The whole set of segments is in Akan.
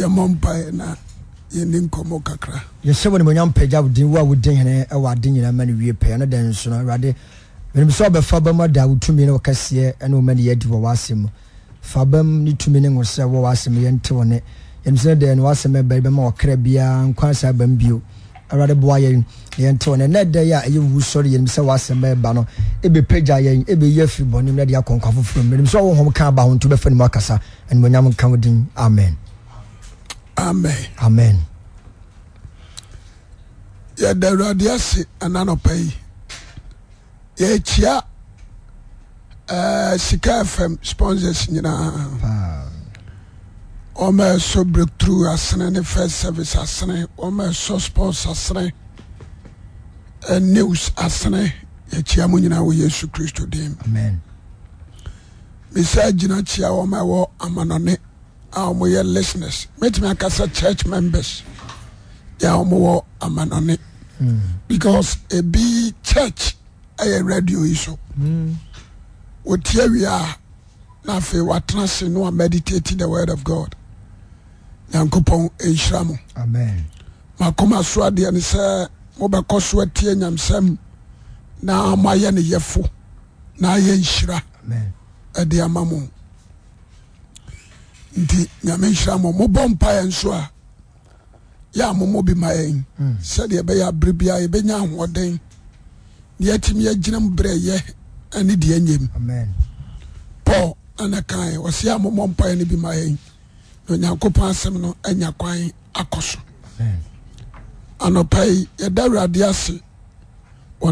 yɛmɔ mpaeɛ na yɛni nkɔmmɔ kakra yɛsɛ wo nimonyam pagya wodin wo a wodin hene ɛwɔ ade nyina ma no wie pɛɛ no dɛn so no awurade menim sɛ wobɛfa bam ada wo tumi ne wɔkɛseɛ ne woma ne yɛadi wɔ w'asɛm mu fa bam ne tumi ne wo sɛ wɔ w'asɛm yɛnte wo ne yɛnim sɛ dɛn no w'asɛm ɛbɛi bɛma wɔkra biaa nkwa saa bam bio awurade boa yɛn yɛnte wo ne nɛ dɛ yɛ a ɛyɛ wu sɔre yɛnim sɛ w'asɛm ɛba no ɛbɛpagya yɛn ɛbɛyi afiri bɔne mu na de akɔ nkwa foforɔ mu menim sɛ wɔhom ka aba ho nto wobɛfa ne mu din amen amen amen yɛda awurade ase ananɔpa yi yɛkyia uh, eh, sika fm sponsors nyinaa wɔma ɛsɔ breakthrough asene ne first service asene wɔma ɛsɔ sports asene uh, news asene yɛkyia mu nyinaa wɔ yesu kristo dim mesɛ gyina kyia wɔma ɛwɔ amanɔne Ah, a wɔyɛ listeners mɛtumi akasa church members yɛ a wɔwɔ amanɔne because ebi church ɛyɛ radio yi so wɔtie wie a na we are ase no a meditating the word of god nyankopɔn ɛnhyira mo makoma so adeɛ ne sɛ mobɛkɔ so atie nyamsɛm na moayɛ ne yɛfo na ayɛ nhyira ɛde ama mo nti nyame hyira m mobɔ mpaɛ nso a yɛ amomɔ bi mayɛ mm. sɛdeɛ bɛyɛ aberebia yɛɛnya ahoɔden deyatimi yɛgyinam berɛyɛ nede yɛm po ano ka ɔsɛ yɛmoɔ mpa no bi mayɛ na onyankopɔn asɛm no anya kwan akɔ so anpɛyi yɛda wrdeɛ ase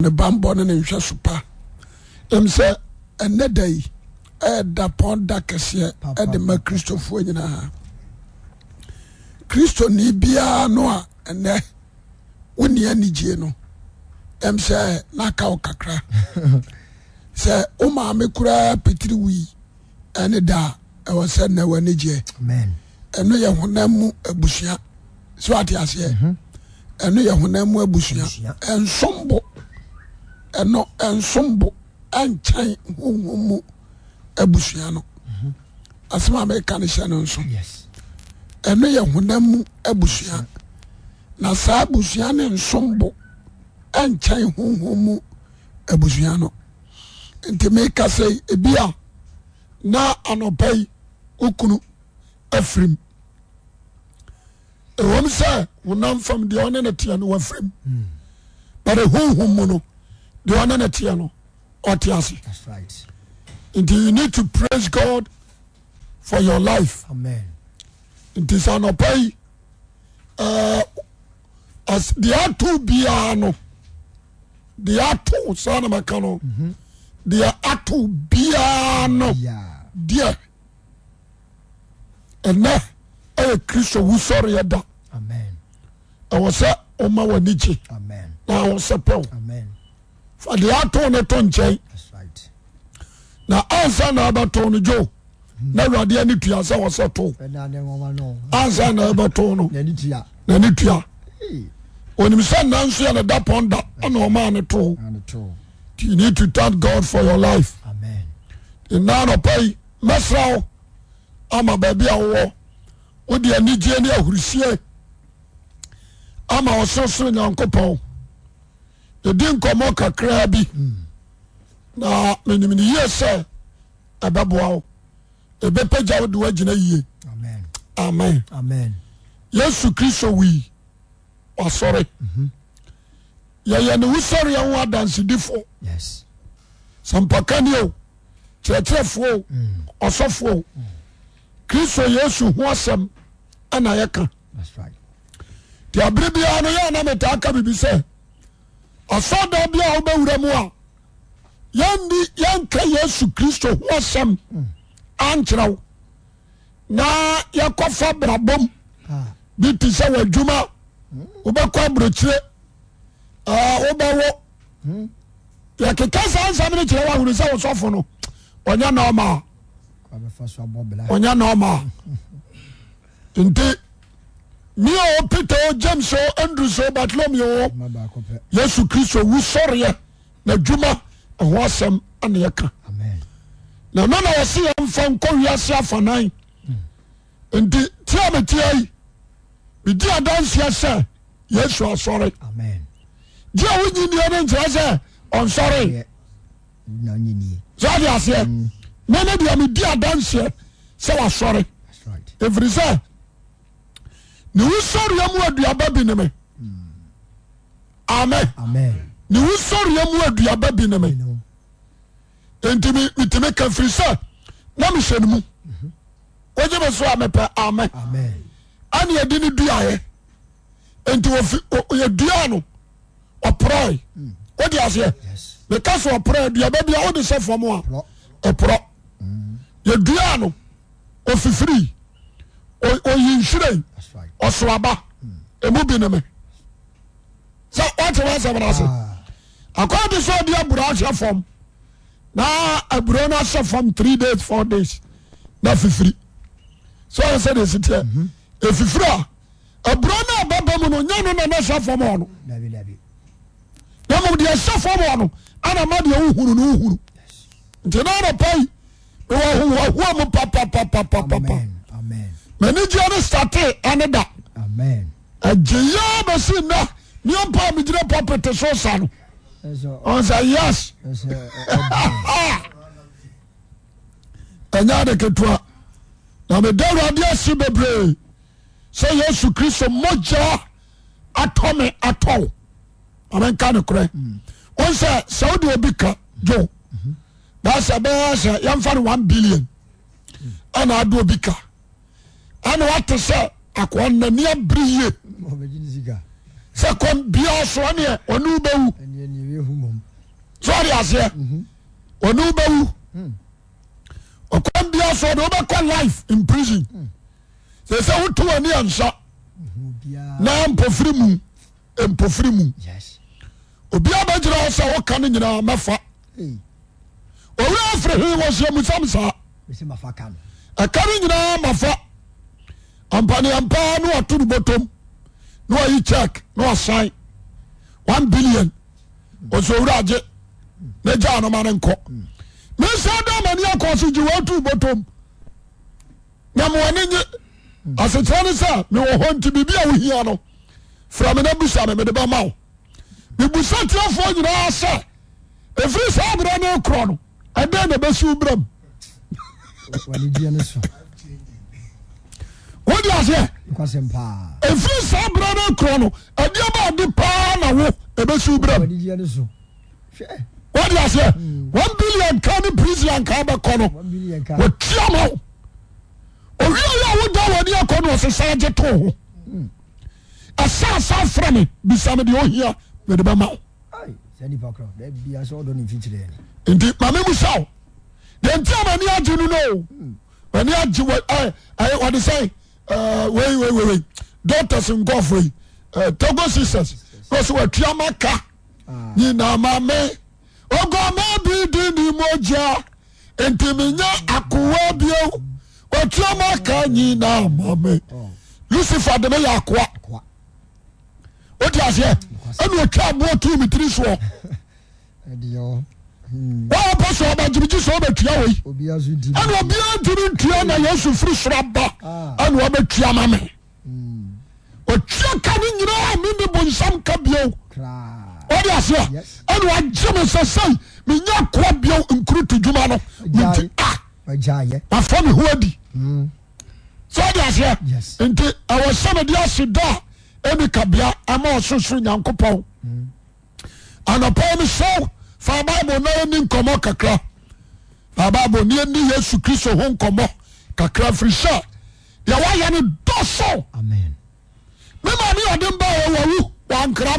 ne ba mbɔ no ne nhwɛ so pa msɛ ɛnɛdayi ɛda pɔn da kɛseɛ ɛde ma kristofoɔ nyinaa kristoni biara no a ɛnɛ wo nni anigye no ɛm sɛ n'aka wo kakra sɛ wo maame koraa pitiri wi ɛne da a ɛwɔ sɛ nnɛ w'ani gyeɛ ɛno yɛ honam mu abusua so ate aseɛ ɛno mm-hmm. yɛ honam mu abusua ɛnsombo ɛno ɛnsombo ɛnkyɛn honhom mu suaoasm amerika no hyɛ no nso ɛno yɛ honam mu abusua na saa abusua ne nsom bo ɛnkyɛ hohom mu abusua no nti mekasɛ ebia na anɔpa yi wokunu afirim ɛhom sɛ honam fam deɛ nano teɛ no wafrim hmm. but hohummu no deɛ onano teɛ no ɔte ase tyou ned to praise god for your life nti uh, sa nɔpa yi deɛ ato biara no deɛ atoo saa nomaka no deɛ atoo biara no deɛ ɛnɛ ɛyɛ kristo wosɔreɛ eh, da ɛwɔ sɛ woma wa anigye na wosɛ pɛo fa deɛ atoo no to nkyɛn ansa naabɛto no o nawudeanetua sɛ wɔsɛ toansanaɛna nisɛna nso ɛne dap da nɔanto eoangd fo yolif nanɔpayi mɛsra w ama baabi awowɔ wode anigye ne ahorusie ama ɔsoso nyankopɔn ɛdi nkɔmɔ kakra bi hmm. na menim ne yie sɛ ɛbɛboa wo ɛbɛpagya wo de woagyina yie amen yesu kristo wii wasɔre mhm. yɛyɛ ne wosɔreɛ ho adansedifo sampakani o kyerɛkyerɛfoɔ o mm. ɔsɔfoɔ o mm. kristo yesu ho asɛm ana yɛka nti abere biara no yɛ ana metaa ka biribi sɛ ɔsɔdan biara wobɛwura mu a yɛni yɛnka yesu kristo ho asɛm ankyerɛ wo na yɛkɔ fa brabom ah. bi te sɛ ah, hmm. wo adwuma wobɛkɔ aborokyire wobɛwo yɛkekɛ sɛ ansɛm ne kyerɛ woahri sɛ wo s fo no n ni mio peteo jemesso andrw so batolomeo yesu kristo wosoreɛ naadwuma ɛho asɛm aneɛka na mena wɔseyɛmfa nkowia se fanai nti tia meteai medi adanseɛ sɛ yaasu asɔre gyia wo yidiɛ no nkyerɛ sɛ ɔnsɔre sɛde aseɛ mene mm. dia medi adanseɛ sɛ wasɔre ɛfiri sɛ newusaria muwaduaba bi neme mm. amen wosoria mu aduaba bi neme enti metemi ke firi se na mehyeni mu woye mesoa mepɛ ame aneadi ne duae enti yduaa no ɔproe mm. wodiaseɛ mekaso pro aduaba bia wode sɛfama pro mm. yɛdua no ofifiri oyinhire ɔsowaba mu mm. bi neme sa wate wase mnse ah. akate sɛ de abra sɛ fom na abra no asɛ fom three days for days mm-hmm. na fifiri oɛiiamuɛfmanano sat neda a sen mipamei popso sao onse yes anya deke tuwa namedarade asi bebree sɛ yesu kristo moyera atome ato amenka ne ko̱re onse sɛ wode obi ka jo base beye se yamfa ne 1ne billion aneadoobi ka anewate se akoananea bireye se kon biao soonee onewobe wu sore aseɛ waneobawu ɔkombia sne wobɛkɔ life imprison ssɛ wotoaniansa na mpofri mu mpofri mu obia bɛgira sɛ woka ne nyinaa mafa wurfrisimu sam saa ɛkan nyinaa mafa paneampa ne watonobotom ne wayi chek n wasai on billion so owirage na gyaanoma ne nkɔ mensa da maneɛkɔ so gyiwaa tu botom na mewane nye asekera ne sɛ mewɔ hɔ nti birbi a wohia no fra mena bu sa me mede bɛmao mebusa tiɛfoɔ nyinaa asɛ ɛfiri saa bera ne korɔ no ɛdɛ nabasio bramudi ɛfiri saa berɛ no korɔ no adeɛ ba ade paa na wo ɛbɛsiw berɛ wode aseɛ one billion ka ne prisi ankaa bɛkɔ no wɔtia ma wo owieyɛ a woda wɔde akɔ no ɔsesaa gye too ho hmm. asaasa frɛ me bisa me deɛ ohia mede bɛma wo nti mame mu sa wo deɛ nti a mani agye no no o hmm. mani agye wɔde sɛe Eh, doters nkofoi eh, togo sisters ah. oh. so watuama ka yinamame ogo ma bi dini moja inti meye akowa bio watuama ka yinamame usifer demeya akoa wotiase enuota aboo tumi tiri soo ps bagyemigyi sɛ obatai nia nto na naysofri soro a naɛtuamam ta anyinamenonsa kaɛnesasa eya ki nkoo wuanohɛnwsadeasda ikabia amasosoro yankopɔnns fa bible na eni nkomo kakra a bible n ni yesu kristo o kom kakra frise a kra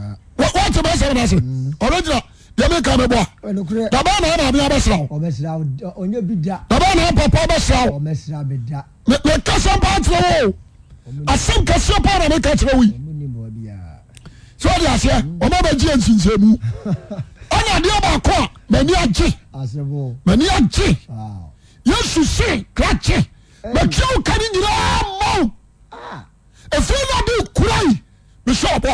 wọ́n ti bá sẹ́yìn náà sè mm. ọ̀rọ̀ jìnnà yẹ́mi kan mi bọ̀ dàbá náà màmí abẹ́ sira o dàbá náà papa abẹ́ sira o mẹ kásán pa àtúrẹ́ wo asẹ́n kásán pa àná mi ká kyerẹ́ wo yìí sọ de aseɛ ɔmɔ bɛ gye nsinsɛmu ɔna adeɛ baako a mani agye mani agye yesu se krakye mɛtwerɛ wo ka ne nyinaa ma wo ɛfiri no ade kura yi mesɛ ɔbɔ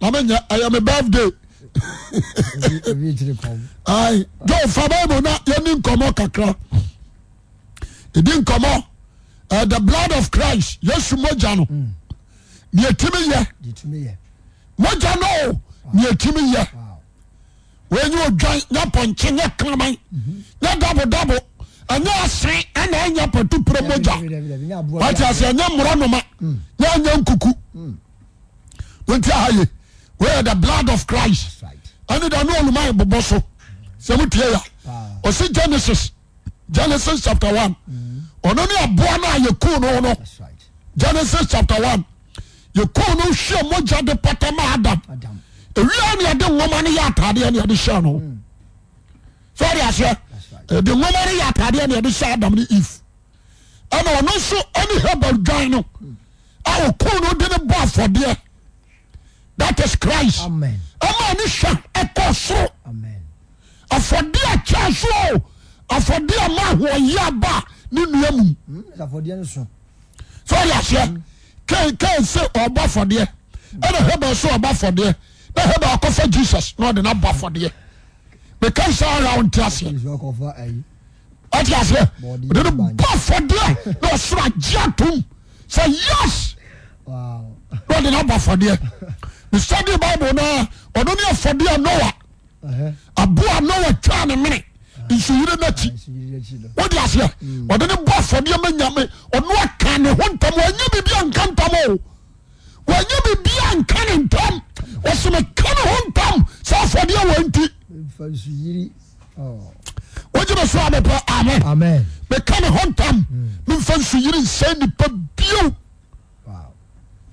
amey aymebahday jo fabe m na yeni nkomɔ kakra idi nkomɔ eh, the blood of christ yesu moja no hmm. neetimeyɛ moja no ne atimi yɛ wenye ojan ye ponkye nye kramai ye dabodabo ɛnye asee ananya pa tupre moja atas ɛnye mmoronoma eanya nkuku mm. ti y e the blood of crist anu ah. genesis genesis hae mm-hmm. e no ne boa no yako nno enesis ae ko n ae aaɛa onn boaod thatis christ ɛma ne swa ɔkɔ soro afɔdeɛ kya soo afɔdeɛ ma ho ya ba ne nua mu so ɔyɛ seɛ ke se ɔbɔ fɔdeɛ ɛn hab so ɔbɔ fɔdɛ na ab akɔfɔ jesus na ɔdena ba afɔdɛ beke sarantasɛsɛ den ba fɔdeɛ na ɔsoro ajea tom sa yas na ɔdena ba fɔdeɛ esudi bible no ɔnene afdea noa aboa noa tane mene nsyerenoki od dene bo afdeamayame ɔnakane hayabbiakatam aya bibia nkane tam somekan hotam sa afdea wa nti ogenesoap mekane hoa efa suyeri nsa nipa bi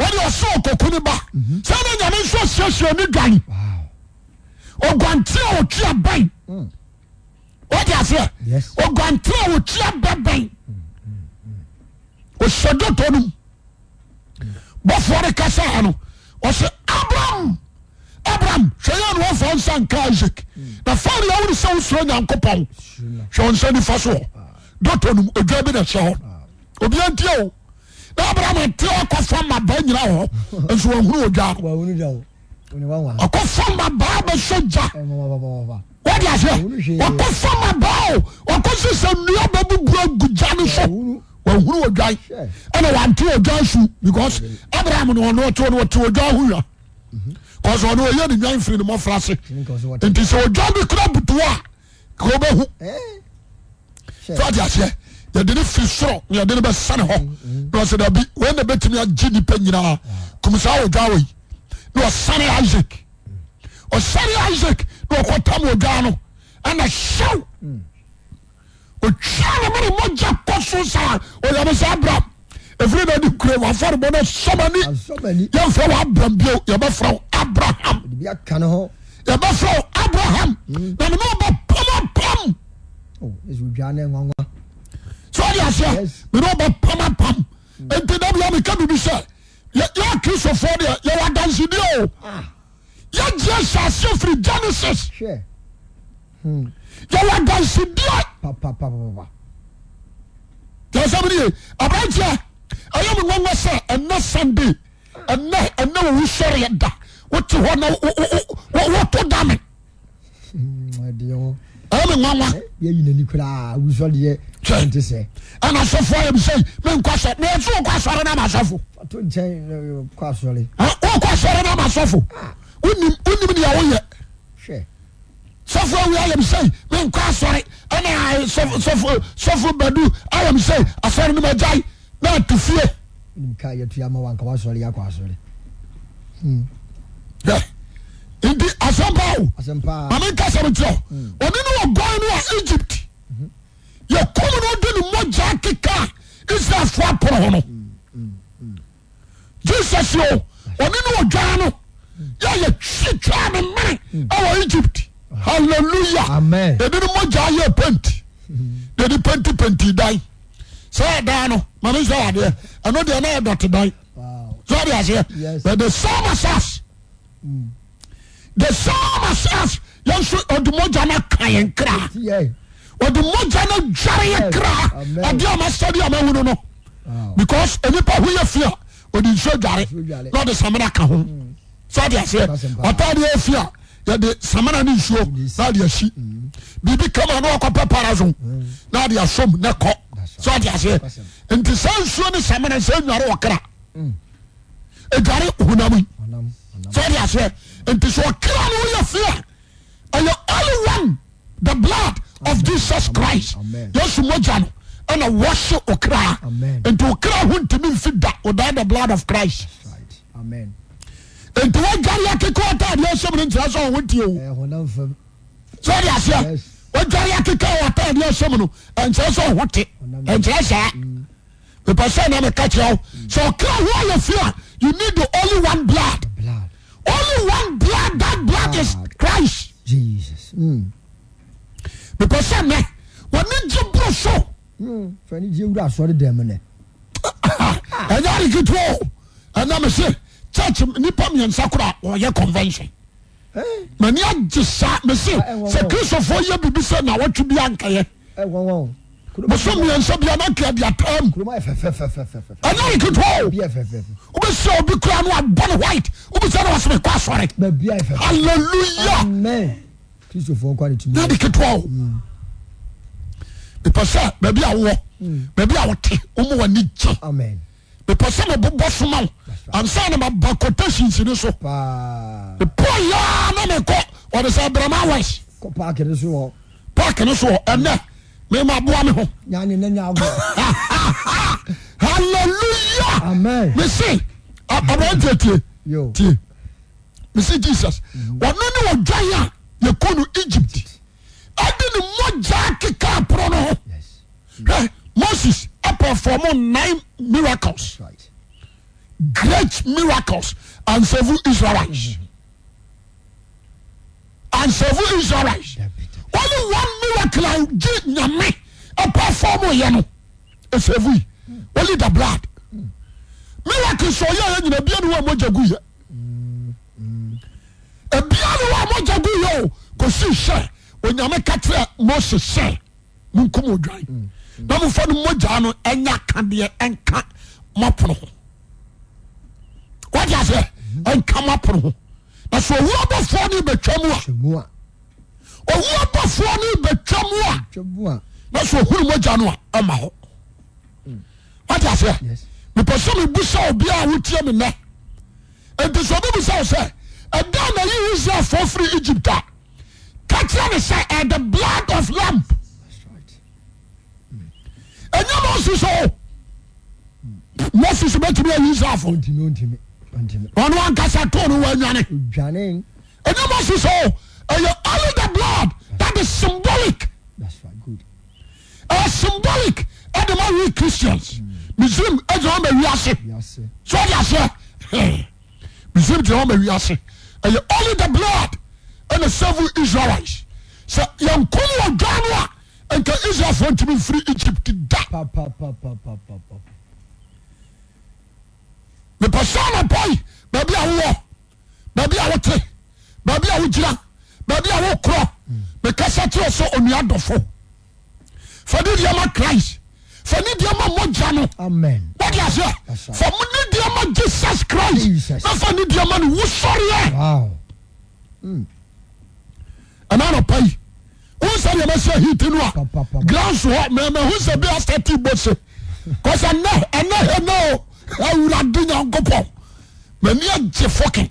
wọ́n yọ sọ òkòkò ni ba sẹ́ni nyàmé nsọ siesie ni dwari ọ̀gbọ̀ntì a òtí wọ́n di aseɛ ọ̀gbọ̀ntì a òtí abẹ́bẹ́yì òṣèdè tónú bọ́fọ́ de kásá yẹn no ọ̀sẹ̀ Abraham Abraham hwẹ́yẹ́ ni wọ́n fọ́ nsa nka Isaac na fáwọn yà wọ́n sẹ́wọ́n sọ̀rọ̀ nyankó pọ̀ hwẹ́ wọn sẹ́ni fa ah. so dọ́tọ̀ nù ẹ̀dwẹ́ bi na ẹ̀hyẹ́ hɔ obi tiẹ̀ o na abraham ti ọkọ fam aba nyina hɔ nso wɔn huru ogya ọkọ fam aba abɛsɛ gya wadi ase ọkọ fam aba o ọkọ sisan nnua bɛ bubu egu gya ne so wɔn huru ogya ɛna wante ogya su because abraham ni ɔno ɔte ɔno ɔte ogya ahuya kɔsɔ ɔno oyɛ ne nwan firi ne mɔfra se nti sɛ ogya bi kura butuwa kuro bɛ hu fɛ wadi ase. yɛde ne fi sor ɛdn bɛsane habna bɛtumi agye nnipa nyinaa msa dw wi nsane isaak ɔsane isaak na ɔkɔtamdwa no n ɛ a nomeya k ssamɛ abram nraa o seeb pam apam nte deiamekebibise ya crisophodia yewa danse dio ya jie se seo fri genesis yawa danse di yaseminiye abrate eyemi ogese ne senbe newu soriyeda wotwotodame me nwanwa. yẹyi nani kura awusọ deɛ ɛn ti sɛ. ɛna sɔfo ayɛ bisɛ yi mi nkɔ sɛ ne etu okɔ asɔre na ma sɔfo. ato nkyɛn okɔ asɔre. okɔ asɔre na ma sɔfo unim ah. unim ni awo yɛ. sɔfo awi ayɛ bisɛ yi mi nkɔ asɔre ɛna sɔfo sɔfo badu ayɛ bisɛ yi asɔre ni ma gya yi na atu fie. nika yɛ tuya ma wa nka wa sɔre yɛ akɔ asɔre. Hmm. niasompao mamekɛsɛmt ɔne ne ɔgan no a mm. egypt ah. yɛkomu mm-hmm. no ode ne mɔgya kekaa israel foa poro no jesus o ɔne ne ɔdwa no yɛyɛtwetwaa ne mmere awɔ egypt halleluyaɛde no mɔgya yɛpenti dede pant pantidan sɛdanamedɛɛndnɛdɔdadɛ sabe sas the samasas yɛnso ɔdemya no ka ɛnkra deano dware ɛ kra d ma stadium awuno no because nipa ho yɛ fi a dens ware nade samene ka hoɛɛɛde samnene nsuoa birbi kamnkɛpaaonadsɛnsasuo no samasɛarekra ware honamsɛ nti sɛ ɔkra no woyɛ fea ɛyɛ only one the blood of jesus christ yesu mogya no ɛna wɔhye okra nti okra ho ntumi mfi da without the blood of christ nti wɔdware akeka ɔtaadeɛ asɛm no nkyerɛ sɛ ɔho o sɛ ɔde aseɛ wɔdware akeka ɔtaadeɛ asɛm no ɛnkyerɛ sɛ ɔho ɛnkyerɛ saa mm. mepɛ sɛ na meka kyerɛ wo mm. sɛ ɔkra ho ayɛ fea you need the only one blood only one christ mm. mepe eh, mm. se me wene ye boro soem ena reketeo ana mese church nipa miensa koroa oye convention meni aye sa mese se kristofo ye bibise nawatwu bia nkaye uso miansa bianakiadiatamnket woseokura nabne wi sek asore allyadket epase bebiawoo bebiawote omwane e epe se mebobo soma ansa nababakotasensi nesopoyaa nmeko nese brama w pak nes mema bua me ho allelua mese te mese jesus anene wa daya yekonu egypt adene mojakika pro n moses eperforme nine miracles great miracles ns isri andseve israelite only one miracle a gye nyame apart from yɛ no esevu yi only the blood miracle sọ yẹ yẹ nyina ebien ni wọn mo jagu yẹ ebien ni wọn mo jagu yẹ o kò si sẹ onyame katsira mose sẹ mu nkom odwan na mo fọ ni mo gya no ɛnya kadeɛ ɛnka mo pono ho wọ́n ti ase ɛnka mo pono ho na sọ owurọ̀ bọ̀ fọ́ ni bẹ̀ twẹ́ mu a. owu abofuo ne betwa mua na so ohore magya noa maho ts meposome bu soo biawtiemene nt so be bu s s ana yeinsia fo fere egypt a katia ne sa athe eh, blood of lamp yamo si so mosisometimiysifonenkasa twaaymsi s oicristiasalitynlt badia wokorɔ mekasateosɛ onua adɔfo fanediama christ fanediama moya no ds famonediama jesus christ na fa ne diama no wosoreɛ hmm. ɛnanɔpai hosademasɛ ahiti no a grans h hosa bi asate bose asnn hrado yankp miɛ e foke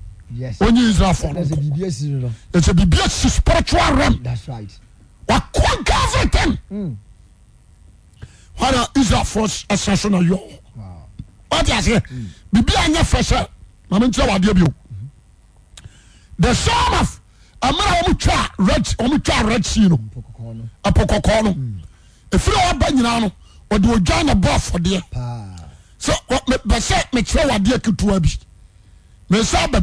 oye isralfoɛ bibia si prta a aakafeisal bibiya fɛɛ kɛ e saiaiaɛ ekerɛ eeɛba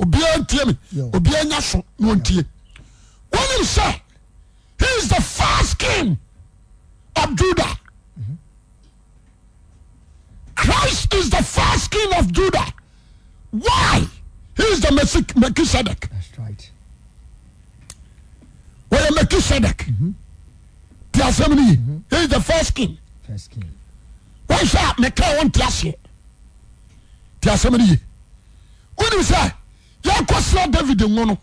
obiara ntie mi obiara nya so na o ntie wọn sẹ he is the first king of Judah Christ is the first king of Judah why he is the Melchizedek that's right wọ́n yẹ Melchizedek mm-hmm. ti asẹ́mu nìyí mm-hmm. he is the first king wọ́n sẹ́ mẹ́kẹ́ wọ́n ti asẹ́ ti asẹ́mu nìyí wọ́n ni sẹ́. yɛ kɔsra david ngo no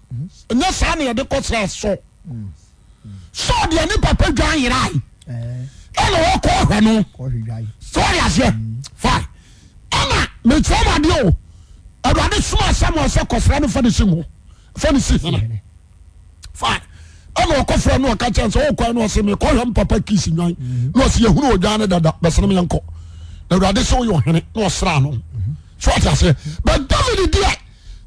ɛnyɛ saa ne yɛde kɔsra sɔ sɔ deɛ ne papa dwan yerae eh. ɛna wɔkɔ hwɛ no sɔre aseɛ mm. fine ɛna mekyerɛ mu adeɛ o awurade soma samuel sɛ kɔsra no fa ne si ngo fa ne si hene fine ɛna ɔkɔ no ɔka kyɛn sɛ ɔkɔ no ɔsɛ mekɔ hwɛ mpapa kiisi nwan mm-hmm. na ɔsɛ yɛhunu ɔgyan no dada bɛsene meyɛnkɔ na awurade sɛ woyɛ ɔhene na ɔsra no mm-hmm. so ɔte aseɛ but david deɛ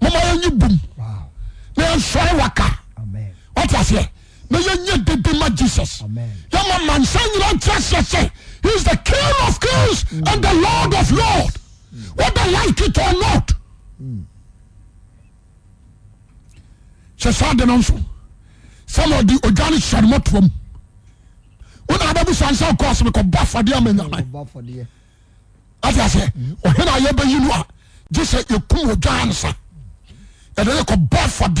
mọmọ yẹn nyi bum mẹ yẹn sọ ẹ waka ọtí aseɛ mẹ yẹn nye bíbí ma Jesus yẹn mọ mansa nyina ti aseɛ sɛ he is the king of kings mm. and the lord of lords mm. whether like it or not sɛ saa de no nso sɛma ɔde odwa ne hyɛ no mɔtoa mu wona abɛbu sa nsa kɔ asome kɔbɔ afɔdeɛ ama nyama ate aseɛ ɔhene a yɛbɛyi no a gye sɛ yɛkum ansa yedekobo fod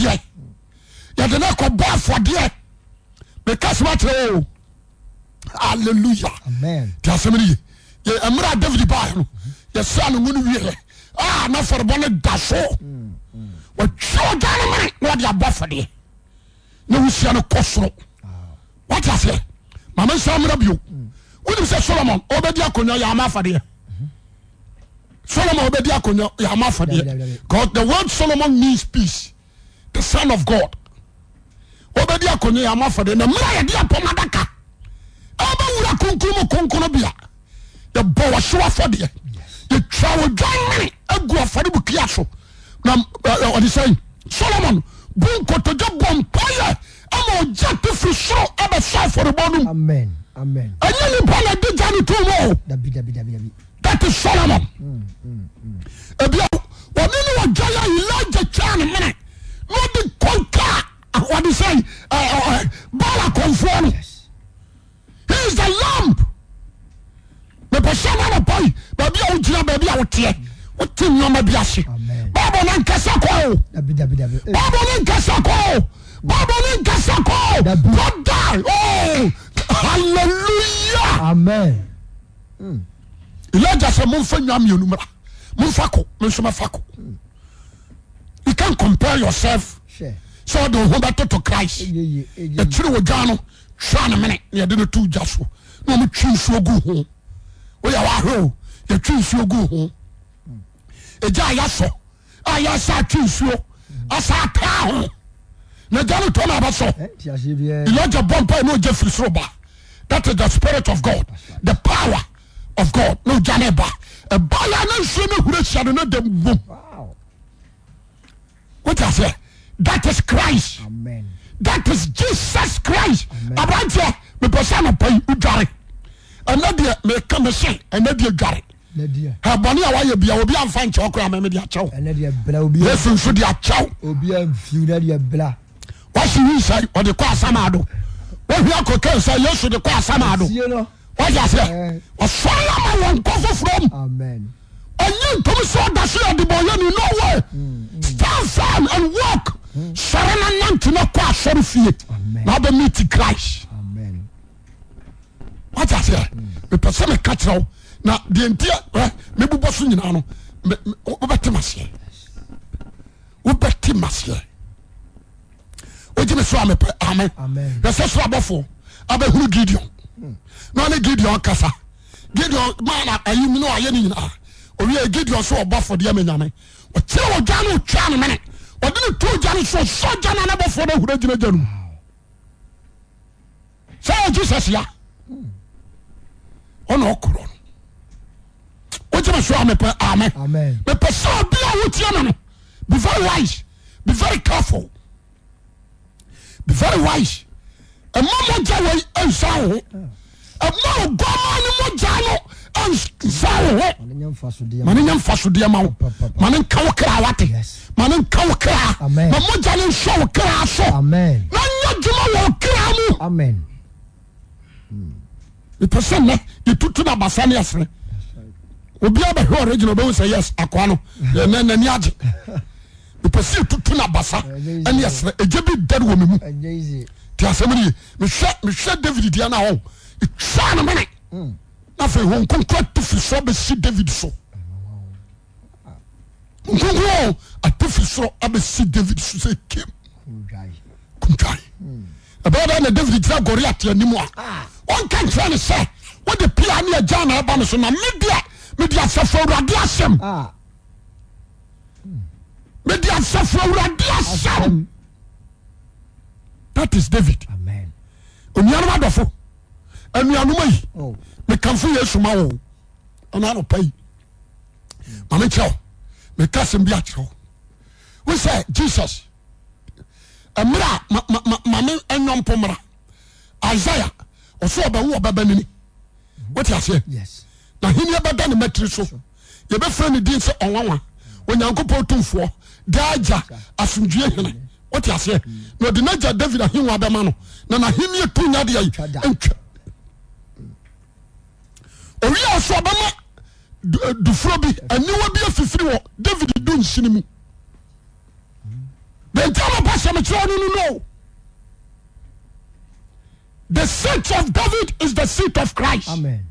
yedeneko bo fodee meka semate alleluya asemineye mir david ba yese nmune we neferebone da so tioja ne mere wade bo fed ne osia n kosoro wats as mra bo ese solomon dyafd solomnthe word solomon means peace the son of god obdi ky ymfd mereydepomdaka bewura konkom konkono bia ybosewo fd taae agu afade bokaso s solomon bunkote bompoye ma ya te firi soro besoforebonom ayeni pone diza no tm tati solomon ei anen waala elija tane mene nde konka des bala konfun he is the lamp epɛsɛn napo babiwoina babiwotɛ wote noma biase bbn s alleluya ilija sɛ momfa inra mofa koofao oan compare yourself sɛdeoho btoto cris kiria tanatnsuonsyasnsuoa firr that is the spirit ofgod the power of god ans hrsiad tssse nse ndi dar bnwae bobifa nke kraeks dek asews dkosamdo esesmao koofrom yenkom sdeoyennowe stan son anwok sare na natno koasor fie naobemeti cris ds mm. epese meka er n eh, mebio so yina wobetimas sp ese se bofu abehuru gideon ne gideon kasa giden sfya ratmene dne taafia sejeses yanie epeseb wotimeno be very wise be very careful very wise ɛma maya w nsa o ho ma goma ne moa no nnsan o homane nya fa so deɛma wo mane nka wo kra wate mane nka o kraan nsoo kra so maya gema wo kra mu ipɛsonɛ ɛtuto no abasa ne aserɛ obiaa bɛhwɛ oregina obɛhu sɛ yes akoa no nnaniagye eposee tutu ne basa nye sere eje bi dar womemu tsememewe david dan a nmene nfekonkro firi sro besi david so ko firi soro abesi david so seke hmm. a bdana david yira goriat animua ke nkere ne se wode pia nianbasona med media sefo wrade asem medi aseforrd sem thatis david onianom adofo anuanom eyi oh. mekanfo yesoma o annopai mamekyereo meke sem biakyero wese jesus merɛ mame yompo mara isaia osoobawoo babanini wetias nenibadane matiri so yefran dise wawa onyankopɔn tomfoɔ daagya asomdwue hene wote aseɛ na ɔde nagya david ahenwa bɛma no na nahenni ɛto nyadeɛ ntwa owia so ɔbɛma eh, dufuro bi aniwa bi afifiri wɔ david du nsini mu the entire pastor no no no the seat of david is the seat of christ amen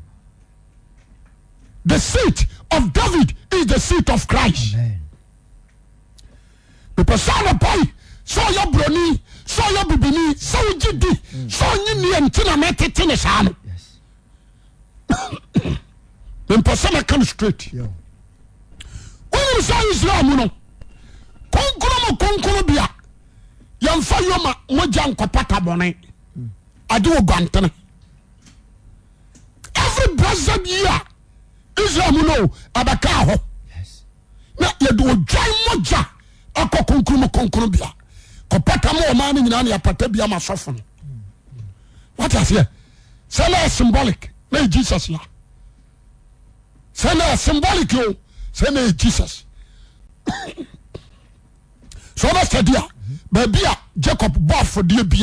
the seat of David is the seat of Christ. Pèpè sá na pa yi, sá bibini, sá jidi, sá yọ nyi na mẹ tètè ní sáà nù. Mpẹ sá straight. Wọ́n sá Israel mu nọ, kónkónó mu kónkónó bíà, yẹn fa yọ mo jẹ nkọpata bọ̀nẹ́, adé gantene. Every blessed year. isramun abakaa hɔ n yɛdodan moya akɔ konkromu konkro bia kpatammane yinanepata biaasafoo wtsɛ sɛna symbolic nayɛ jesus sd smbolico sanyɛ jesus s nesda babia jacob boafod b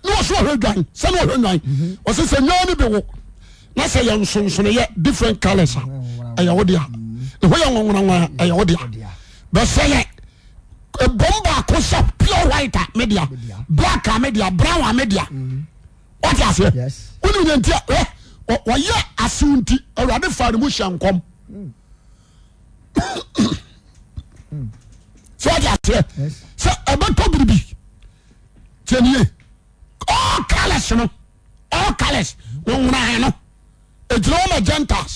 ɔhwɛ dwan sani ɔhwɛ nwan ɔsi sɛ nwan ni bi wo na sɛ yɛ nsonsonoyɛ different colours a ɛyɛ wo dea ɛhɔ yɛ nwanwanwa ɛyɛ wo dea bɛsɛ yɛ ebom baako sɛ pure white a mi dea black a mi dea brown a mi dea wɔte aseɛ wɔn nyinaa nti ɛ wɔyɛ asew nti awurade fa ne mu hyɛ nkɔm mm. sɛ wɔte aseɛ sɛ ɛbɛtɔ biribi tiɛ nie all colours no all colours wɔnwunae no ɛgyina wɔn ma gentiles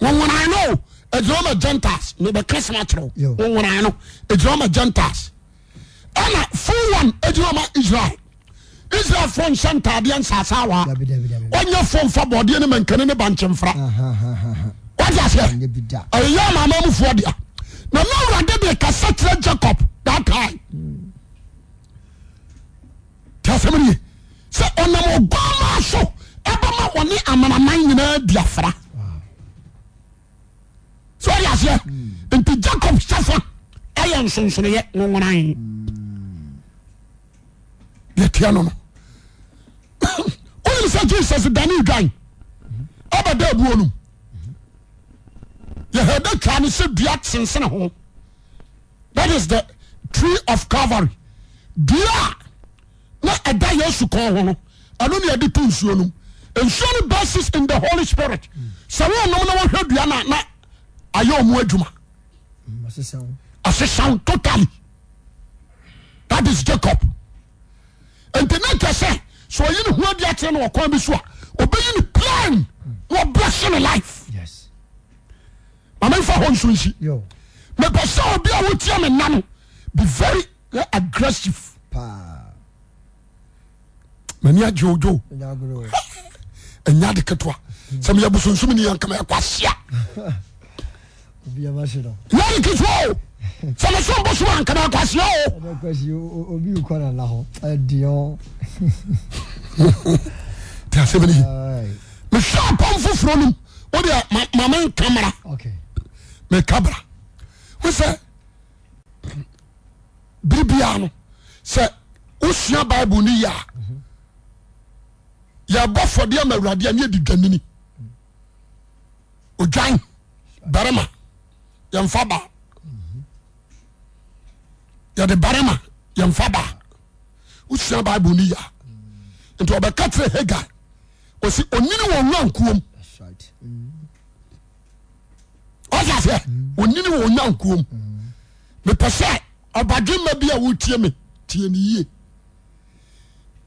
wɔnwunae no ɛgyina wɔn ma gentiles mebɛ kirisima kyerɛw wɔnwunae no ɛgyina wɔn ma gentiles ɛna full one ɛgyina wɔn ma israel israel fo nhyɛ ntaadeɛ nsaasa wa wɔnyɛ fo nfa bɔdeɛ ne mankani ne bankyemfra wɔde aseɛ ɛyɛ maama mu foɔ dea na mɛ awurade de kasa kyerɛ jacob that time. Mm. my sɛ ɔnamgona so ɛbɛma ɔne amanaman nyinaa diafra seasɛ nti jacob hɛfa ɛyɛ nsosonoɛ ooao oyim sɛ jesus danegan ɛbadabuono yɛhadɛ twa no sɛ dua tensene ho that is the tree of covery dua na ɛda yesu kɔn ho no ɛno ne yɛde to nsuo no nsuo no basis in the holy spirit sɛ wonom na wohwɛ dua no na ayɛ ɔmo adwuma asesaw totally that is jacob nti ne kyɛ sɛ sɛ ɔyi ne ho adi akyerɛ no wɔkwan bi so a ɔbɛyi ne plan na ɔblɛse ne life mamamfa hɔ nso nsi mepɛ sɛ obi a wotia me nna no be very eh, aggressive Pah. meniajo yadeketwa smeyabososomnkamakwasiaaekt smesoosokamkwasaomesɛapom foforon wode mamenkamra meka bra mesɛ biribia no sɛ wosua bible neyea yebofodi ama wuradia aneyedi jwanini ojuan barema yenfa ba yede barema yenfa ba usia bible no ye inti obeke tere hegar osi onini wo ouankuom osa mm. se mm. onini wo oua nkuom mepese mm. abajenma bia wortie me tieniye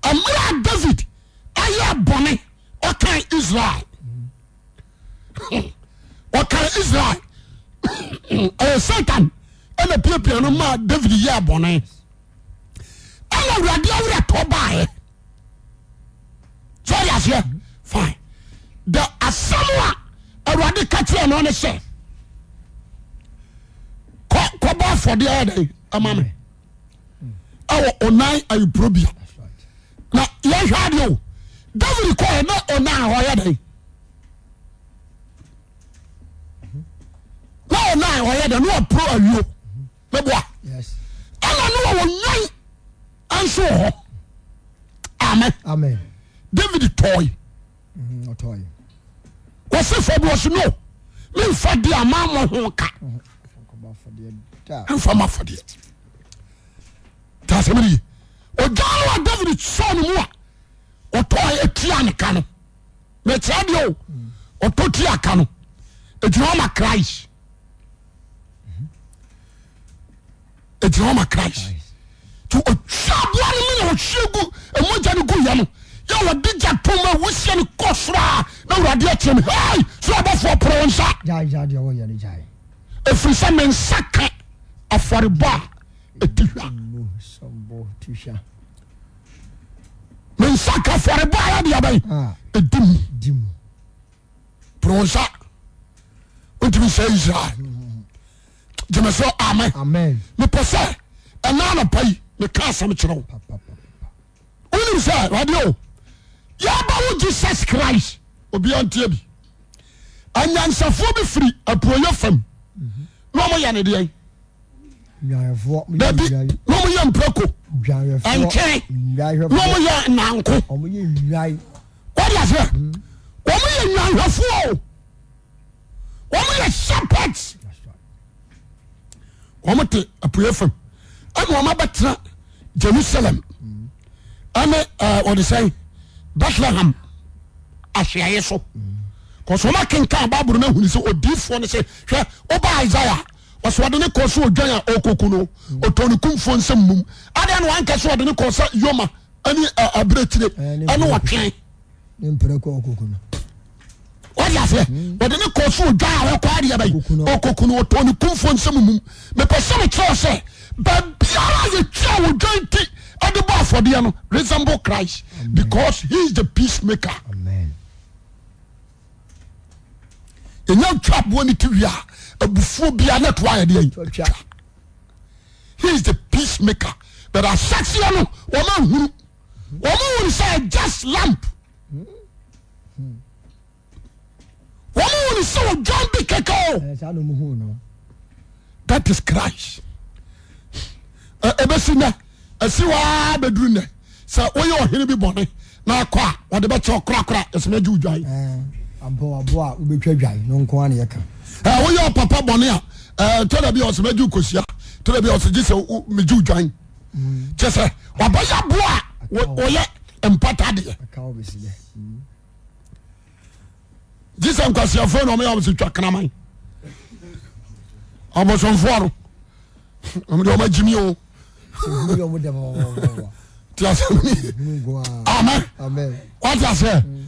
ameraa david wayɛ bɔne ɔkan israel ɔkan israel ɛyɛ satan ɛna piapia no maa david yɛ bɔne ɛna awurade awerɛ tɔ baeɛ sɔre aseɛ fine the asɛm a awurade ka kyerɛ no ne sɛ kɔbɔ afɔdeɛ ɛdɛ ama me ɛwɔ ɔnan ayipuro bia na yɛhwɛ adeɛ o david ko me ona oyɛda me n ɔyɛdennwapro ao meboa ana nwawoi ansoho ame david tɔ osefo bse no memfadeɛamamo hokamadawa david onm ɛtua ne ka no mite deɛo ɔo tuaka no ayinaoma cris agyinaoma chris tɔtaboa no mene ɔhwɛ gu amuya ne gu yɛ no yɛwɔdeya toma wosie no ko soroa na wuradeɛ atiɛno hei so abɔfo poroo nsa ɛfiri sɛ mensa ka afɔrebɔa atihwa minsa ke fareboaya diabe ah. edimi puriunsa ontimi se israel mm, mm, mm. jemeso ame me po se enana pai meka sa me keroo onim se adio yaabawo jesus christ obiantie bi ayansafuo bi firi apuo ye fem mhm. neomo yanediaidabi nmo yampirako nkynomoyɛ nnanko odeasɛ ɔmoyɛ nwahwɛfo wɔmoyɛ sapot ɔmote apuyafem ɛnɛ ɔma bɛtera jerusalem ɛne hmm. ɔde sɛ betlehem ahweaɛ so bcaus hmm. ɔma akenka babro no ahuni sɛ ɔdifo no sɛ hwɛ oba isaia ɔsɔɔde ne kɔɔ so odwan a ɔkɔku eh, no ɔtɔne hmm. kumfo nsɛm mum adeɛ na wankɛ so ɔde ne kɔɔ sɛ yoma ɛne abiretire ɛne wɔtwɛn wọ́n yàfẹ́ ọ̀dẹ̀ ní kọ̀ọ̀fù ọ̀dọ́ àwọn ọkọ̀ adìyẹ bẹ́ẹ̀ ọkọ̀kùn ọ̀tọ̀ ní kúnfọ̀ nsẹ́mu mu mẹ̀pẹ̀ sẹ́mi kyerẹ́ ọ̀sẹ̀ bẹ̀ẹ̀bi ara yẹ kyerẹ́ ọ̀dọ́ ntí ẹ̀dí bọ́ àfọ̀díyẹ resemble Christ because he is the peacemaker ɛnya ntwa aboa ne ti wie a abufuo bia ne toa yɛ deɛ twa he is the peacemaker but asaseɛ no wɔma nhuru wɔma wuru sɛ just lamp wɔma wuru sɛ ɔdwan bi kɛkɛ o that is Christ ɛbɛsi nɛ ɛsi waa bɛduru nɛ sɛ woyɛ ɔhene bi bɔne na akɔ a wɔde bɛkyɛ ɔkorakora ɛsɛmɛ gye wodwae ampɔwabɔ a wobɛtwa dwan no nko a ne yɛka woyɛ papa bɔne a tɔda bi ɔsɛ magye kɔsia tɔda bi ɔsɛ gye sɛ megye dwan mm. kyɛ sɛ wabɛyɛ boa a wɔyɛ mpata deɛ mm. gye sɛ nkwasiafoɔ na ɔmɛyɛ ɔmsɛ twa kraman ɔbɔsɔmfoɔ no ɔmde ɔmagyimi o tiasɛ amen wate aseɛ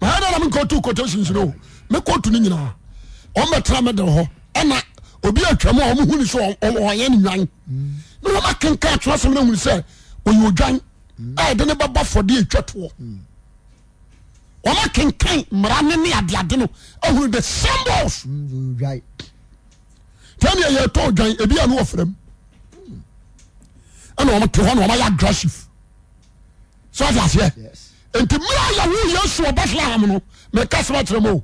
oaek noyina ɛteraedeh nitwaaeɛanaafdetwat makekaessyoananhaggressiveɛ nti mmerɛ a yɛwo yesu wɔ bethlehem no meka sɛma kyerɛ mu o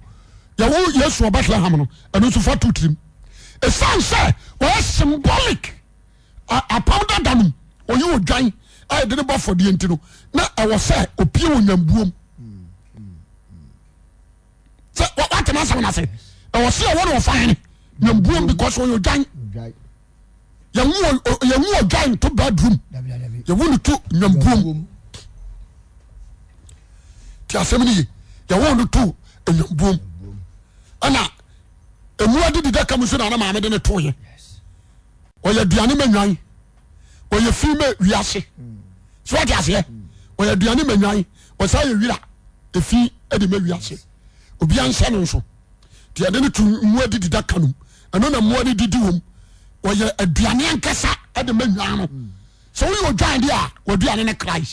yɛwo yesu wɔ bethlehem no ɛno nso fa to tirim ɛsiane sɛ wɔyɛ symbolic apam dada no ɔyɛ odwan a yɛde ne bɔ afɔdeɛ nti no na ɛwɔ sɛ opie wɔ nyambuom sɛ woatena asɛm no ase ɛwɔ sɛ ɛwɔ ne wɔfa hene nyambuom because ɔyɛ odwan yɛwo odwan to bedroom yɛwo ne to nyambuom asɛm neye yɛwono to a na mua dedidaka o ae no to y dane afa efe eiaanesa oedade aduane no cris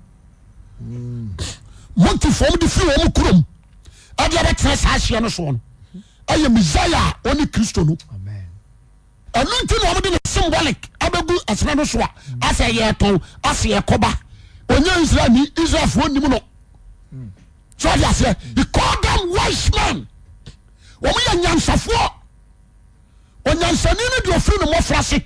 montifom de fri wɔ mu kurom ɛde bɛtena saa hiɛ no soɔ no ɛyɛ misai a ɔne kristo no anontine ɔmodene symbolic abɛgu ɛsena no soa ase yɛtɔn aseyɛkɔba ɔyaisrani israelfoɔ nim no sɛdeasɛ k dem wise man ɔmoyɛ nyansafoɔ yansanino duɔfiri ne mɔfra se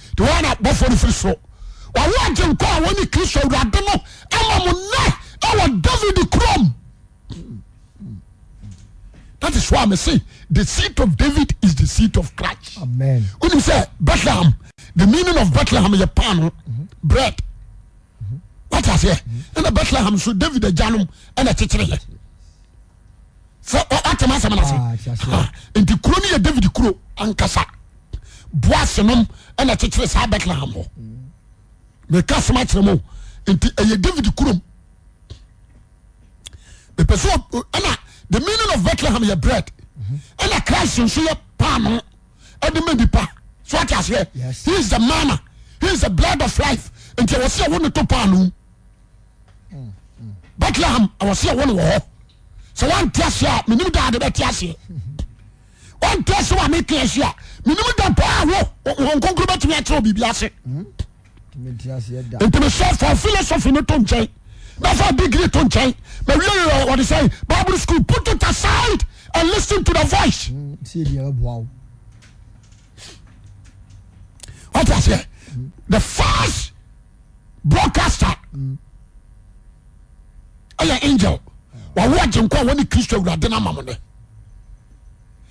nɔfrfr swoagenk a wne kristo awurade no mamo nnɛ wɔ david kurom tats wymese the seat of david iseafcri oni sɛ betleem the meaning of betlehem yɛ pano bread aseɛ ɛna betlehem so david aanom nakyekyereɛtsnuyɛ ah, david snkekeresaaetmhar on the menin of betleem y bread na cris enso y pano demanipa sieman isthe blood of life nws wone topon betlem wse wonewh s wanteasɛ menidade etease nts wameksea menim dapaawo nknkobatumikerɛ brbiase ntmsɛ fo hilosopfi notnkɛn nafadigre to nkɛn adsɛ bible scl putit aside an lit to thevoice the first broadcaster ɛyɛ angel oen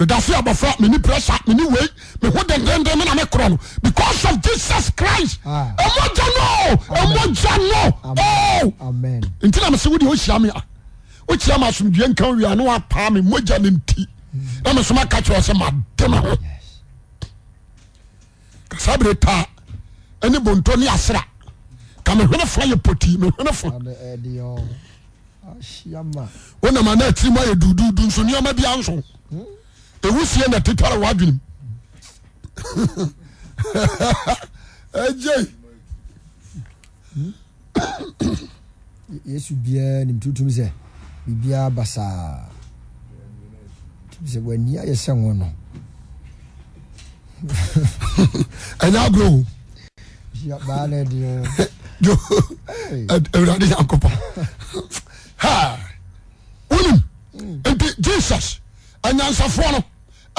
edase baf mene pese mene we meho deeemename kroo because of jesus christ ma a aee e imdo sonma ba so ewusiana te tare wa dunim ejei yesu bie nim totumise bibia basa wania yeseono naulodna onim ente jesus ayansa funo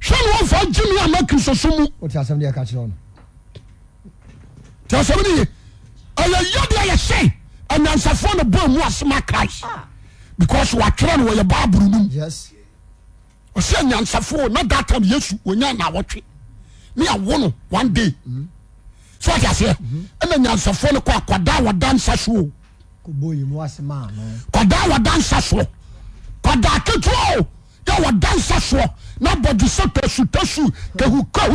sani wọn fa jimi ama kristu sun mu. o ti asem de ẹ ka kyerɛ ɔno. ti asem de ye ɛyɛ yadu ɛyɛ sɛ ɛnyansafo na bɔ emu asema christ ah. because wɔatwerɛ no wɔyɛ baabulu nu. ɔsi ɛnyansafo na that time yesu wonya na awɔtwe ne awo no one day mm-hmm. so ɔti aseɛ ɛna nyansafo no kɔ akɔda awɔda nsa soɔ. kɔda awɔda nsa soɔ kɔda aketewa o. wodanses nebodusotasutasu e o air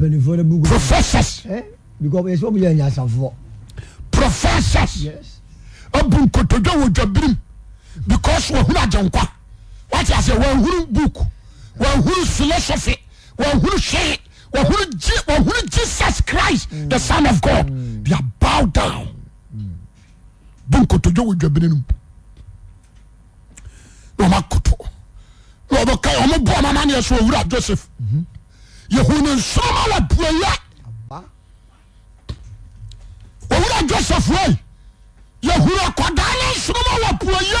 ir epr iryik r tse we hur book we hor philosophy we hor see e hor jesus christ the son of god ba bow down boton oseph srsephyr uye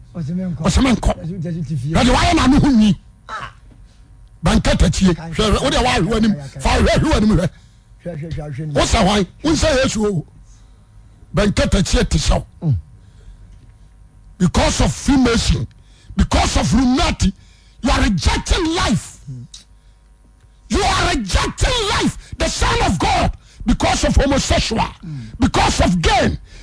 ɔsɛmɛ nkɔ ɛdi wayɛ na anuhu nyi banka tatie hwɛ o de wa ahiwa nim fa hwɛ ahiwa nim hwɛ wosa hwan wonsa yesu o banka tatie ti sɛw mm. because of freemason because of lunati you are rejecting life mm. you are rejecting life the son of god because of homosexual mm. because of gain.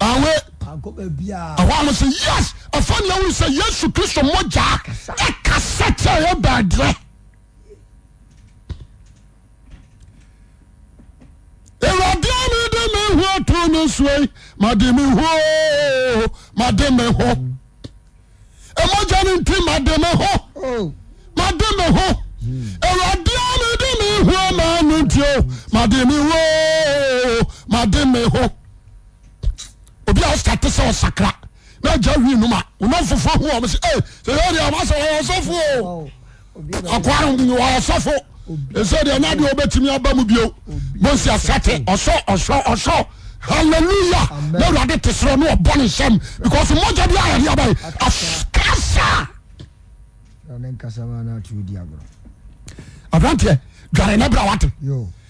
w ahomse yes ofanenewe se yesu kristo moja e kaseteho e bede era deome deme huo to me suei mademe ho mademe ho emoja ne ti mademe ho oh. mademe ho eradiomedeme huo ma netio mademe ho mademe ho obi a ɔsate sɛ ɔsakra na gya wi num a ɔnam fufuo ho ɔmo eh, sɛ ee sɛ yɛ deɛ ɔmo asɛ ɔyɛ ɔsɔfo o akɔara mu ɔyɛ ɔsɔfo ɛsɛ deɛ n'adeɛ ɔbɛtumi aba mu bio bɔnsi asate ɔsɔ ɔsɔ ɔsɔ hallelujah na awurade te soro na ɔbɔ ne nsɛm because mmɔgya bi ayɛ deɛ abayi akasa. aberanteɛ dware ne bra wate.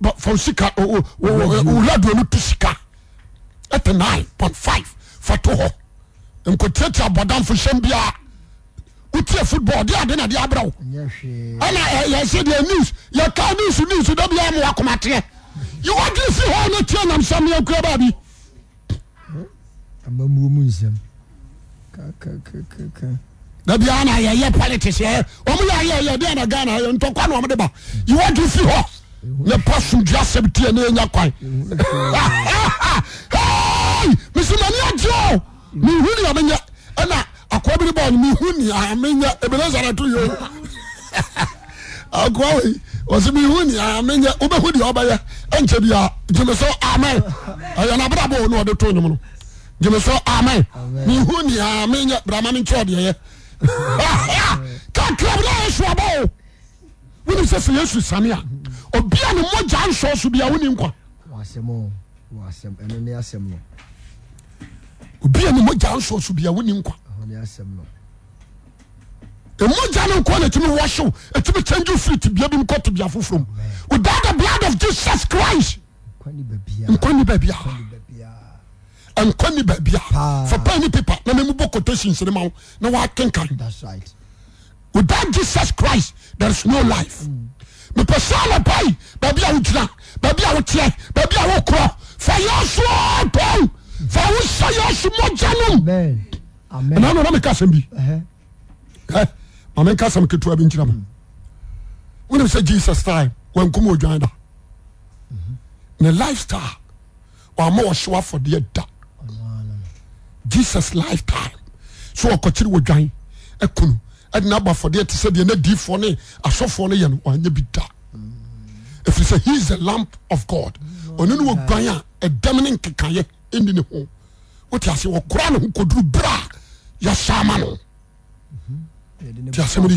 osikaadomu to sika ete nionfe fatoho kotiti bodanfo sembi otie football nr eh, e ye ne posen dia septie ne yeya k mese manao eunea mye n bre bee bneeets mbre ndt esmdesuo bo enesese yesu samia obiane moja nsuso biawnikoineansusbwonka mann timis timinfreamfr withot the blod of jesus istnini sk without jesus crist thereis no life mm. epe sa mm. mm-hmm. ne pai babi awo gina babiawo tee babiawo koro fa ye su po fa woso yo se mojanum ananeoremeka sam bi mamenkasame keteabi nkyirema wenem se jesus style wnkume wo jan da ne life style oama wosewofo de da jesus life style so kokeri wo janku ɛdenaabafodeɛ te sɛ deɛ ne difoɔ ne asɔfoɔ no yɛ no aanya bida ɛfiri sɛ he is he lamp of god ɔne ne wɔgwan a ɛdɛm ne nkekayɛ ɛni ne ho woti ase wɔkoraa ne ho kɔdurubera a yɛsaama no mhm. ti asɛm re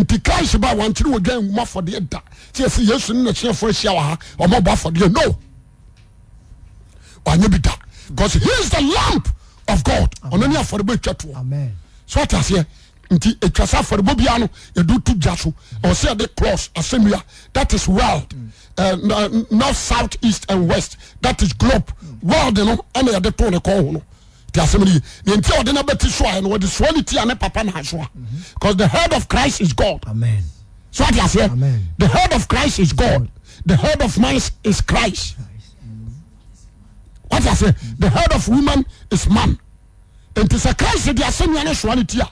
nti kaase ba wankyerɛ wɔdwa nwuma afɔdeɛ da sɛ yɛsɛ yesu no n'akyiɛfoɔ ahyia wɔ ha ɔmabɔ afɔdeɛ no wanyɛ bi da because he is the lamp of god ɔno ne afɔrebɔ atwa toɔ so ɔte aseɛ nti atwa sɛ afɔrebɔ biara no yɛde to gya so mm. ɔsɛ yɛde cross asɛnnua that is world mm. uh, north south east and west that is globe mm. world no ɛna yɛde to ne kɔn ho no tiasɛmreye nenti a ɔde no bɛti soaɛ no wɔde soa ne tia ne papa naasoa mhm. because the head of christ is god Amen. so ate aseɛ the head of christ is god the head of man is christ wate aseɛ the head of woman is man enti sɛ christ de asɛnnua ne soa ne ti a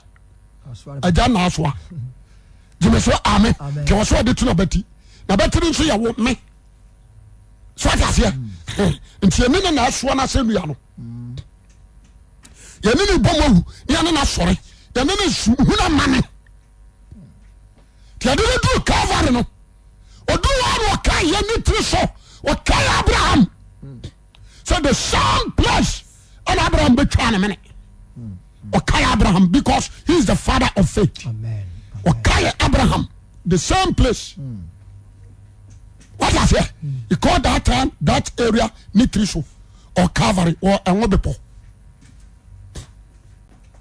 agya naasoa gyeme so ame kɛwɔ so ɔde to no bɛti na bɛti no nso yɛwo me so ate aseɛ mm. nti ɛme ne naasoa no asɛnnua no yɛne ne bɔ mawu ne yɛne nasɔre yɛne ne su huna ma ne tiɛde no duu calvary no ɔduru hɔ no ɔka yɛ ne tiri so ɔkae abraham so the same place ɛna abraham bɛtwa ne mene ɔkae abraham because he is the father of faith ɔkae abraham the same place mm. what he called that time that area ne tiri or calvary or ɛwo bepɔ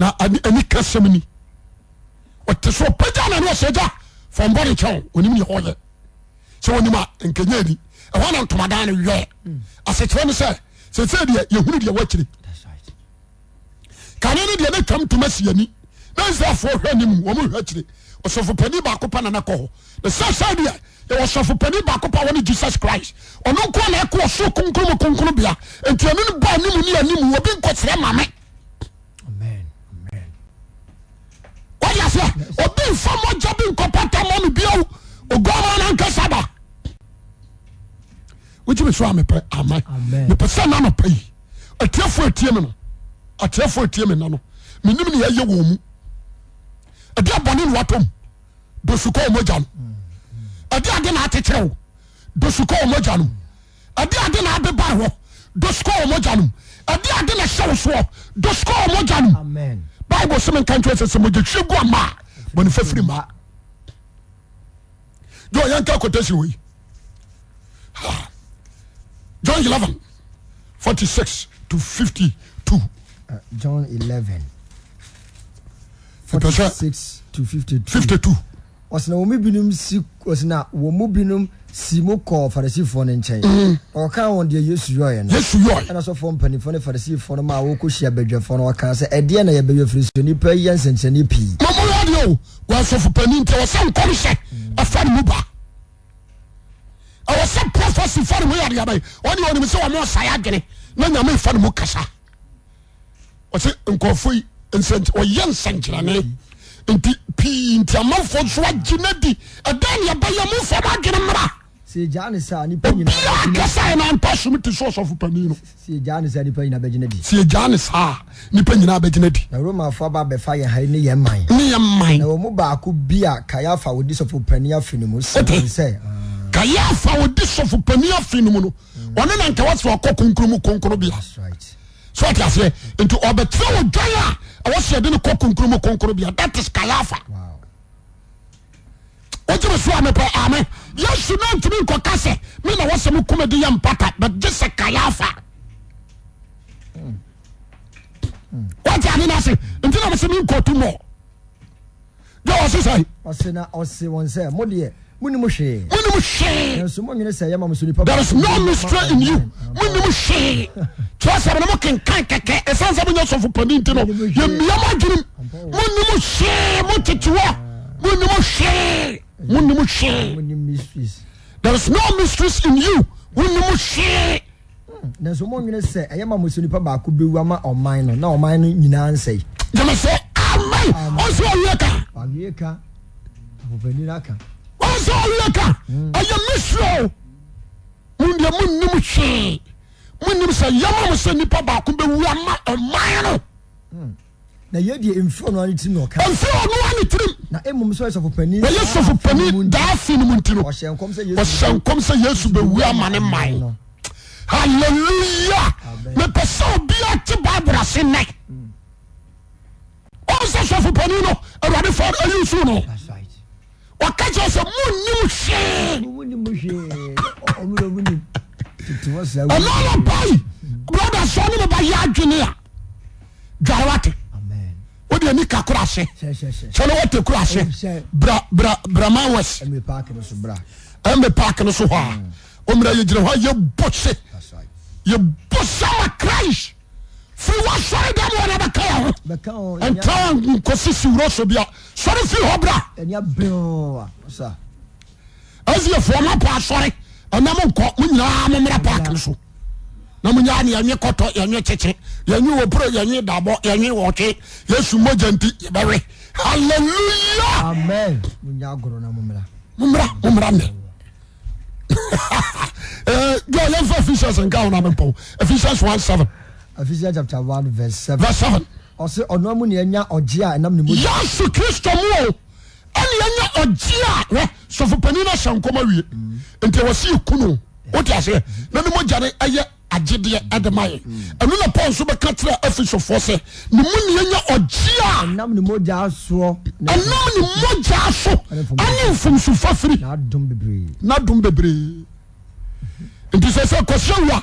naani ka semni tesopeza nne sea bobore ke po eamo ja i nkopotemnebi oomnnkesebaimmenmineyewomu edebonenewatom dosukoomujan edeadene tecerio doskoomjanu ededene abebareo doskooman dedne seswo dosukoomu janum bibe smkjsje fba ma bon ffirima jo yan k kotsi john 11 f6 t522 ɔsena wɔn mu binom si ɔsena wɔn mu binom si mu kɔɔ farisifoɔ no nkyɛn mm. ɔka wɔn deɛ yesu yɔɔyɛ no yesu yɔɔyɛ ɛna sɔfo mpanimfoɔ ne farisifoɔ no ma a wɔkɔhyia badwafoɔ no wɔka sɛ ɛdeɛ na yɛbɛyɛ firi so nipa yɛ nsɛnkyerɛnne pii mɔmɔ yɛ deɛ o wɔasɔfo panin nti wɔsɛ nkɔm hyɛ mm. ɛfa ne mu ba ɛwɔ sɛ prɔfɛsi fa ne mu yɛde yɛbɛyɛ ɔne ɔnim sɛ wɔmɔ ɔsae adwene nti pii nti amanfoɔ nso agye na di ɛdan ne ɛbɛyɛ mo nfa ma adwene mmra. sè gya ne sa nipa nyinaa bɛ gyina di. bíyà akasa yẹn na mpa sum ti sọ ọsọfo panin no. sè gya ne sa nipa nyinaa bɛ gyina di. sè gya ne sa nipa nyinaa bɛ gyina di. na romanfo aba abɛfa yɛn ha ne yɛn man. ne yɛn man. na wɔn mu baako bi a kayafa odi sɔfo panin afi mu sɛn sɛ. Ah. kayafa odi sɔfo panin afi mu no ɔne na nkɛwɛ sɛ ɔkɔ kunkun mu kunkun bi a sọ ti aseɛ nti ɔbɛtena wɔ dwan a ɛwɔ sɛ de ne kɔ konkurom konkurom bia that is kalafa wogyeme so a mepɛ ame yesu na ntumi nkɔka sɛ me na wɔsɛ me kuma yɛ mpata but gye sɛ kalafa hmm. wote ade no ase nti na mesɛ menkɔtu mɔ deɛ ɔse sɛe ɔse na ɔse wɔn sɛ modeɛ munim hwee munim hwee nso mo nwene sɛ ɛyɛ ma nipa there is no mystery in you munim hwee tí wọ́n sọ̀rọ̀ mo kankan kẹ̀kẹ́ ẹ̀sán sábà nyɛ sọ̀fọ̀ pẹ̀lú ntí nọ yẹ mìíràn mo adwiri hwee mo tètè wọ munim hwee munim hwee there is no mystery in you munim hmm. hwee. nanso mo nwene sɛ ɛyɛ ma nipa baako bɛ wu ama ɔman no na ɔman no nyinaa nsɛ. jẹ́mi sẹ́ amen ọ̀sẹ̀ ọ̀yẹ́ka. ọ̀yẹ́ka àpòpẹ́ni n'aka. sɛk ayɛ mesuoo mudeɛ monnim hwee monim sɛ yamamo sɛ nnipa baako bɛwuama ma nomfinoane tiriyɛs fo paninsɛ ys mn aamepɛ sɛo biaa te baibre ase nɛ mm. ɔsɛ sɛ fo pani no aruade fa ayins no oke ke sɛ monim hweonana bai brode sonne mubaya dwenea dwarwate wode ani ka krasen kɛnewate korose bramawes me pak nesoha omiayeginyebus yebuse ma mm. chris fewo sore demoon bekeot kosesiwrsb sore fi r fopoa sor noko mye omer pakeo y koto y kek yproy dabo t yesu mnt e a fehe Ephesians chapter one verse seven. verse seven. ɔsɛ ɔno mu ne ɛnya ɔgye a ɛnam ne mu. yasu kristo mu o ɛni ɛnya ɔgye a wɛ sɔfopanin na hyɛ nkɔmɔ wie nti wɔsi ekunu o ti aseɛ na ne mogya ne ɛyɛ agyedeɛ ɛde ma yɛ ɛnu na paul nso bɛka kyerɛ ɛfisofoɔ sɛ ne mu ne ɛnya ɔgye a. ɛnam ne mogya asoɔ. ɛnam ne mogya aso ɛne nfumsufafiri. na na adum bebree nti sɛ sɛ kɔsɛ wua.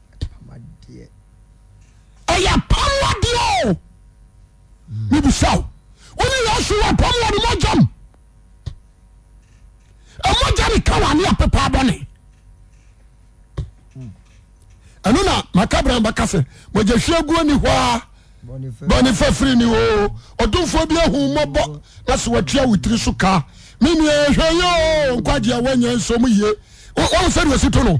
ɛyapamwadeo me busao wone yase wapom wanumɔjam amɔjami ka wane apapa bɔne ɛno na makabranbaka sɛ maja hwia aguoni hɔa bani fafiri ni o ɔdomfoo bi ahu mɔbɔ nasɛ wate awotiri so ka mene hwɛeo nkoayeawaanyaso muye wonesɛrewasi to no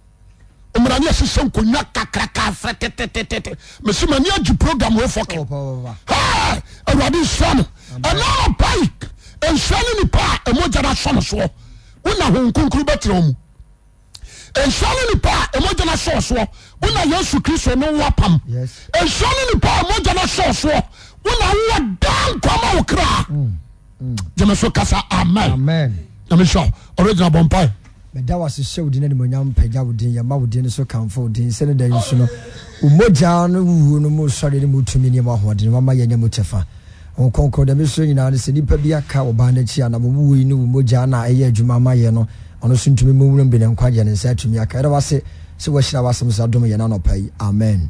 onesesonkoa kakraesenai pogam ford sasano ni snakoro trso a emeso mm, mm. kasa amen emee oregina bompai mɛdaasesɛ wodin nmunyapɛaoiɛma oisokamfosɛnan ma no w nomusre nnomɛɛfa kndmeso nyinaasɛ nipa bi ka ɔnoknaɛɛ awa maɛ noɔniubn k nsamiɛɛsesɛwahyrɛ wsm yɛ noanɔpayi amen